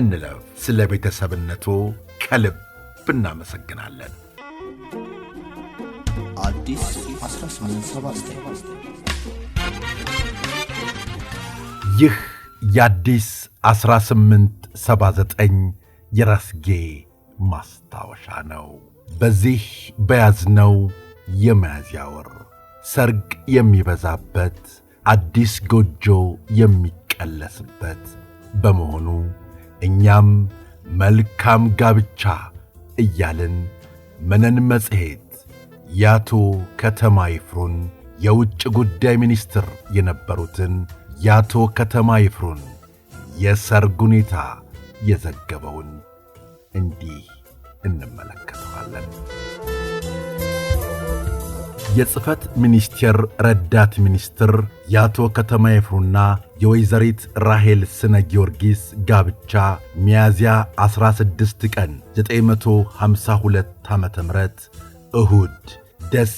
እንለፍ። ስለ ቤተሰብነቱ ከልብ እናመሰግናለን። ይህ የአዲስ 1879 የራስጌ ማስታወሻ ነው። በዚህ በያዝነው የሚያዝያ ወር ሰርግ የሚበዛበት አዲስ ጎጆ የሚቀለስበት በመሆኑ እኛም መልካም ጋብቻ እያልን መነን መጽሔት የአቶ ከተማ ይፍሩን የውጭ ጉዳይ ሚኒስትር የነበሩትን የአቶ ከተማ ይፍሩን የሰርግ ሁኔታ የዘገበውን እንዲህ እንመለከተዋለን። የጽህፈት ሚኒስቴር ረዳት ሚኒስትር የአቶ ከተማ ይፍሩና የወይዘሪት ራሄል ስነ ጊዮርጊስ ጋብቻ ሚያዝያ 16 ቀን 952 ዓ ም እሁድ ደስ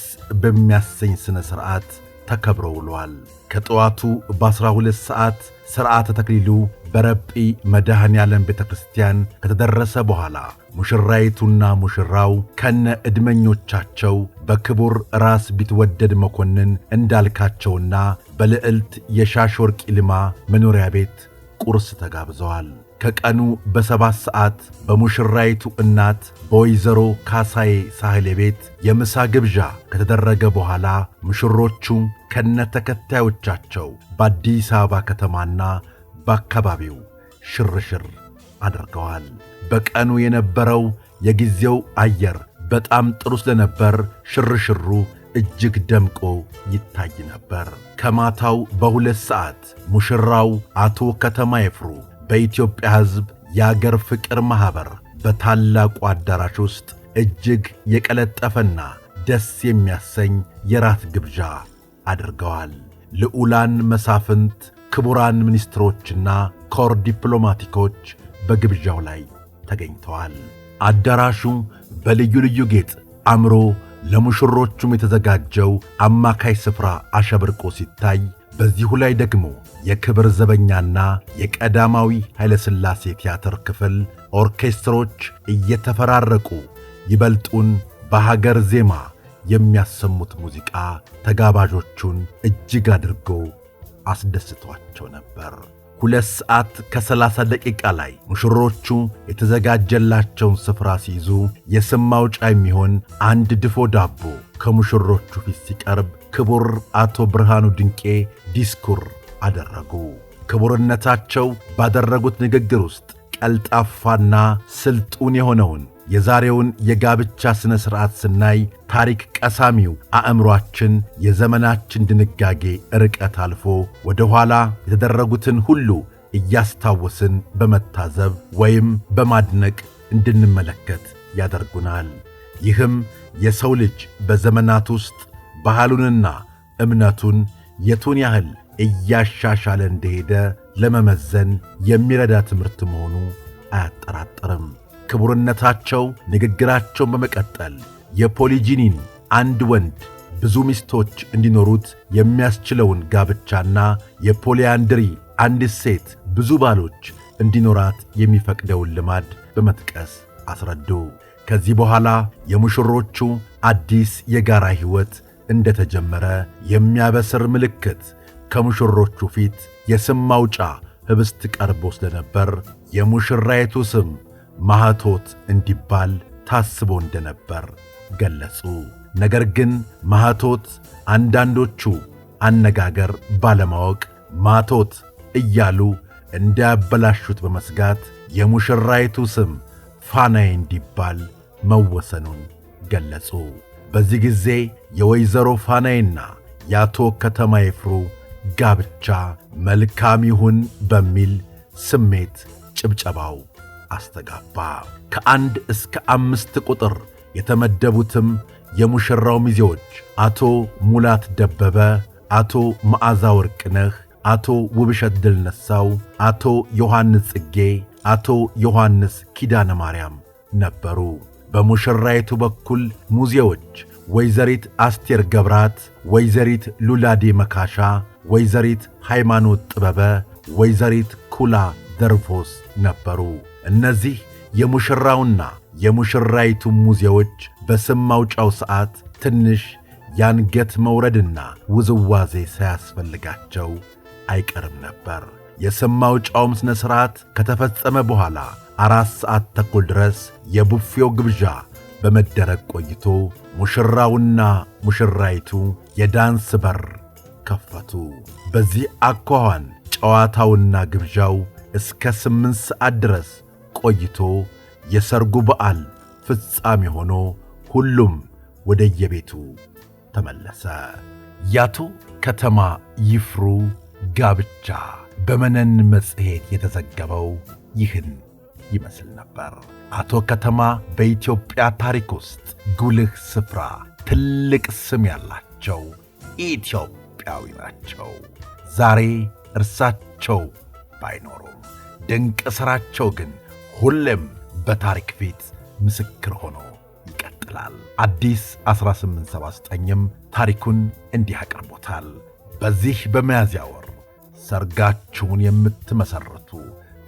በሚያሰኝ ሥነ ሥርዓት ተከብሮ ውሏል። ከጠዋቱ በ12 ሰዓት ሥርዓተ ተክሊሉ በረጲ መድኃኔ ዓለም ቤተ ክርስቲያን ከተደረሰ በኋላ ሙሽራይቱና ሙሽራው ከነ ዕድመኞቻቸው በክቡር ራስ ቢትወደድ መኮንን እንዳልካቸውና በልዕልት የሻሽ ወርቅ ይልማ መኖሪያ ቤት ቁርስ ተጋብዘዋል። ከቀኑ በሰባት ሰዓት በሙሽራይቱ እናት በወይዘሮ ካሳዬ ሳህሌ ቤት የምሳ ግብዣ ከተደረገ በኋላ ሙሽሮቹ ከነ ተከታዮቻቸው በአዲስ አበባ ከተማና በአካባቢው ሽርሽር አድርገዋል። በቀኑ የነበረው የጊዜው አየር በጣም ጥሩ ስለነበር ሽርሽሩ እጅግ ደምቆ ይታይ ነበር። ከማታው በሁለት ሰዓት ሙሽራው አቶ ከተማ ይፍሩ በኢትዮጵያ ሕዝብ የአገር ፍቅር ማኅበር በታላቁ አዳራሽ ውስጥ እጅግ የቀለጠፈና ደስ የሚያሰኝ የራት ግብዣ አድርገዋል። ልዑላን መሳፍንት፣ ክቡራን ሚኒስትሮችና ኮር ዲፕሎማቲኮች በግብዣው ላይ ተገኝተዋል። አዳራሹ በልዩ ልዩ ጌጥ አምሮ ለሙሽሮቹም የተዘጋጀው አማካይ ስፍራ አሸብርቆ ሲታይ በዚሁ ላይ ደግሞ የክብር ዘበኛና የቀዳማዊ ኃይለሥላሴ ቲያትር ክፍል ኦርኬስትሮች እየተፈራረቁ ይበልጡን በሀገር ዜማ የሚያሰሙት ሙዚቃ ተጋባዦቹን እጅግ አድርጎ አስደስቷቸው ነበር። ሁለት ሰዓት ከሰላሳ ደቂቃ ላይ ሙሽሮቹ የተዘጋጀላቸውን ስፍራ ሲይዙ የስም ማውጫ የሚሆን አንድ ድፎ ዳቦ ከሙሽሮቹ ፊት ሲቀርብ ክቡር አቶ ብርሃኑ ድንቄ ዲስኩር አደረጉ። ክቡርነታቸው ባደረጉት ንግግር ውስጥ ቀልጣፋና ስልጡን የሆነውን የዛሬውን የጋብቻ ሥነ ሥርዓት ስናይ ታሪክ ቀሳሚው አእምሯችን የዘመናችን ድንጋጌ ርቀት አልፎ ወደ ኋላ የተደረጉትን ሁሉ እያስታወስን በመታዘብ ወይም በማድነቅ እንድንመለከት ያደርጉናል። ይህም የሰው ልጅ በዘመናት ውስጥ ባህሉንና እምነቱን የቱን ያህል እያሻሻለ እንደሄደ ለመመዘን የሚረዳ ትምህርት መሆኑ አያጠራጥርም። ክቡርነታቸው ንግግራቸውን በመቀጠል የፖሊጂኒን አንድ ወንድ ብዙ ሚስቶች እንዲኖሩት የሚያስችለውን ጋብቻና የፖሊያንድሪ አንዲት ሴት ብዙ ባሎች እንዲኖራት የሚፈቅደውን ልማድ በመጥቀስ አስረዱ። ከዚህ በኋላ የሙሽሮቹ አዲስ የጋራ ሕይወት እንደተጀመረ የሚያበስር ምልክት ከሙሽሮቹ ፊት የስም ማውጫ ህብስት ቀርቦ ስለነበር የሙሽራይቱ ስም ማኅቶት እንዲባል ታስቦ እንደነበር ገለጹ። ነገር ግን ማኅቶት አንዳንዶቹ አነጋገር ባለማወቅ ማቶት እያሉ እንዳያበላሹት በመስጋት የሙሽራይቱ ስም ፋናዬ እንዲባል መወሰኑን ገለጹ። በዚህ ጊዜ የወይዘሮ ፋናዬና የአቶ ከተማ ይፍሩ ጋብቻ መልካም ይሁን በሚል ስሜት ጭብጨባው አስተጋባ። ከአንድ እስከ አምስት ቁጥር የተመደቡትም የሙሽራው ሚዜዎች አቶ ሙላት ደበበ፣ አቶ መዓዛ ወርቅነህ፣ አቶ ውብሸት ድልነሳው፣ አቶ ዮሐንስ ጽጌ፣ አቶ ዮሐንስ ኪዳነ ማርያም ነበሩ። በሙሽራይቱ በኩል ሙዜዎች ወይዘሪት አስቴር ገብራት፣ ወይዘሪት ሉላዴ መካሻ ወይዘሪት ሃይማኖት ጥበበ፣ ወይዘሪት ኩላ ደርፎስ ነበሩ። እነዚህ የሙሽራውና የሙሽራይቱ ሙዜዎች በስም ማውጫው ሰዓት ትንሽ ያንገት መውረድና ውዝዋዜ ሳያስፈልጋቸው አይቀርም ነበር። የስም ማውጫውም ሥነ ሥርዓት ከተፈጸመ በኋላ አራት ሰዓት ተኩል ድረስ የቡፌው ግብዣ በመደረግ ቆይቶ ሙሽራውና ሙሽራይቱ የዳንስ በር ከፈቱ። በዚህ አኳኋን ጨዋታውና ግብዣው እስከ ስምንት ሰዓት ድረስ ቆይቶ የሰርጉ በዓል ፍጻሜ ሆኖ ሁሉም ወደየቤቱ ተመለሰ። የአቶ ከተማ ይፍሩ ጋብቻ በመነን መጽሔት የተዘገበው ይህን ይመስል ነበር። አቶ ከተማ በኢትዮጵያ ታሪክ ውስጥ ጉልህ ስፍራ፣ ትልቅ ስም ያላቸው ኢትዮጵያ ኢትዮጵያዊ ናቸው። ዛሬ እርሳቸው ባይኖሩም ድንቅ ሥራቸው ግን ሁሌም በታሪክ ፊት ምስክር ሆኖ ይቀጥላል። አዲስ 1879ም ታሪኩን እንዲህ አቅርቦታል። በዚህ በሚያዝያ ወር ሰርጋችሁን የምትመሰርቱ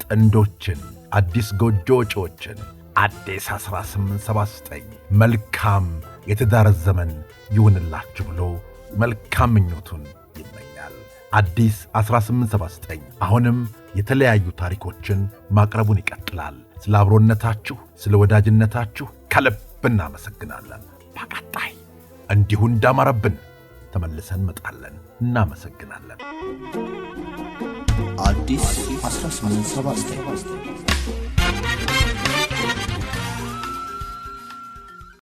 ጥንዶችን አዲስ ጎጆ ወጪዎችን አዲስ 1879 መልካም የትዳር ዘመን ይሁንላችሁ ብሎ መልካም ምኞቱን ይመኛል። አዲስ 1879 አሁንም የተለያዩ ታሪኮችን ማቅረቡን ይቀጥላል። ስለ አብሮነታችሁ፣ ስለ ወዳጅነታችሁ ከልብ እናመሰግናለን። በቀጣይ እንዲሁ እንዳማረብን ተመልሰን መጣለን። እናመሰግናለን። አዲስ 1879